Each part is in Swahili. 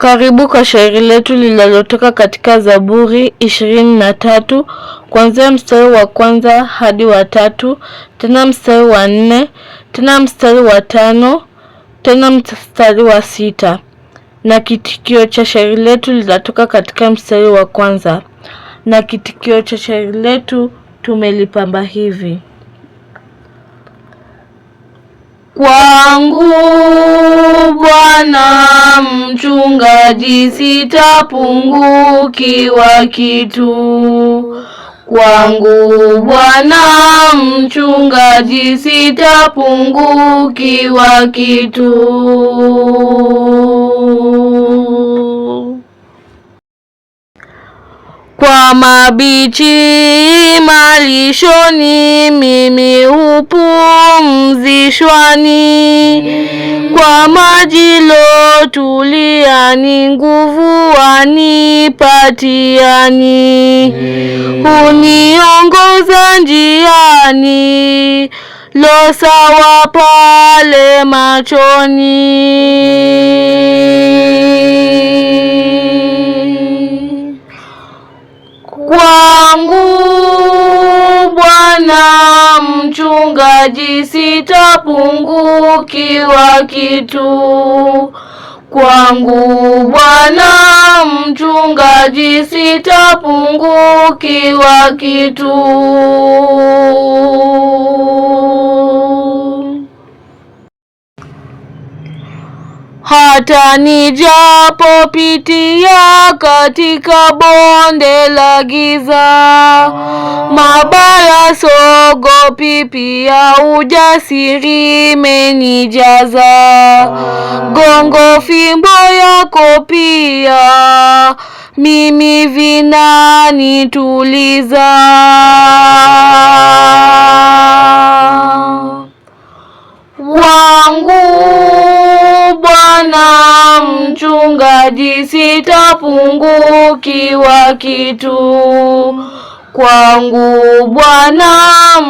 Karibu kwa shairi letu linalotoka katika Zaburi ishirini na tatu kuanzia mstari wa kwanza hadi wa tatu tena mstari wa nne tena mstari wa tano tena mstari wa sita na kitikio cha shairi letu linatoka katika mstari wa kwanza na kitikio cha shairi letu tumelipamba hivi kwangu Bwana mchungaji, sitapungukiwa kitu. Kwangu Bwana mchungaji, sitapungukiwa kitu. mabichi malishoni, mimi hupumzishwani. Kwa maji lotuliani, nguvu anipatiani. Huniongoza njiani, losawa pale machoni kwangu Bwana mchungaji, sitapungukiwa kitu. Kwangu Bwana mchungaji, sitapungukiwa kitu. hata nijapopitia katika bonde la giza, ah. mabaya sogopi, pia ujasiri menijaza. Ah. Gongo fimbo yako pia mimi vinanituliza. Ah. Wow. hadi sitapungukiwa kitu. Kwangu Bwana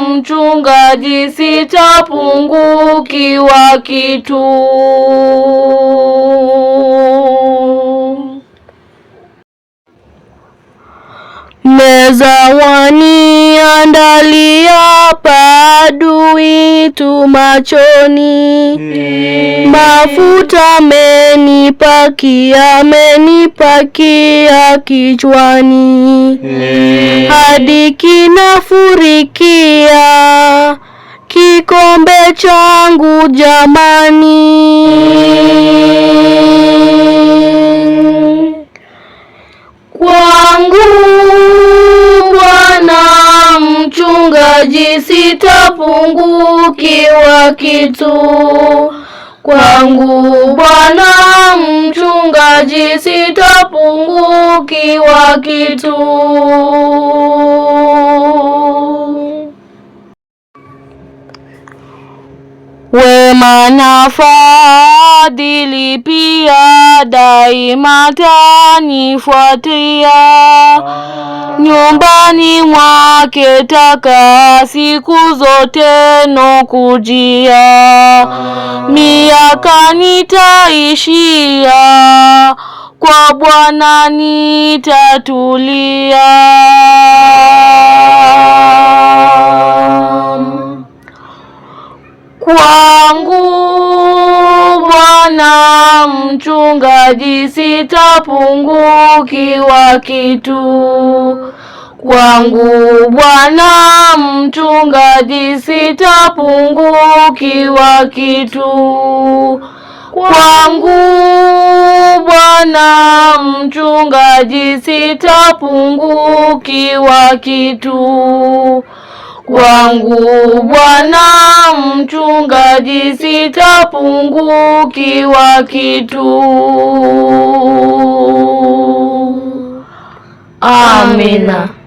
mchungaji, sitapungukiwa kitu. zawadi andalia padui tu machoni hmm. Mafuta menipakia menipakia kichwani hmm. Hadi kinafurikia kikombe changu jamani hmm. Kwangu maji sitapungukiwa kitu. Kwangu Bwana mchungaji sitapungukiwa kitu. Wema na fadhili pia daima tanifuatia, nyumbani mwake taka siku zote nokujia, miaka nitaishia kwa Bwana nitatulia wangu Bwana mchungaji, sitapungukiwa kitu kwangu Bwana mchungaji, sitapungukiwa kitu kwangu Bwana mchungaji, sitapungukiwa kitu kwangu Bwana mchungaji, sitapungukiwa kitu. Amina.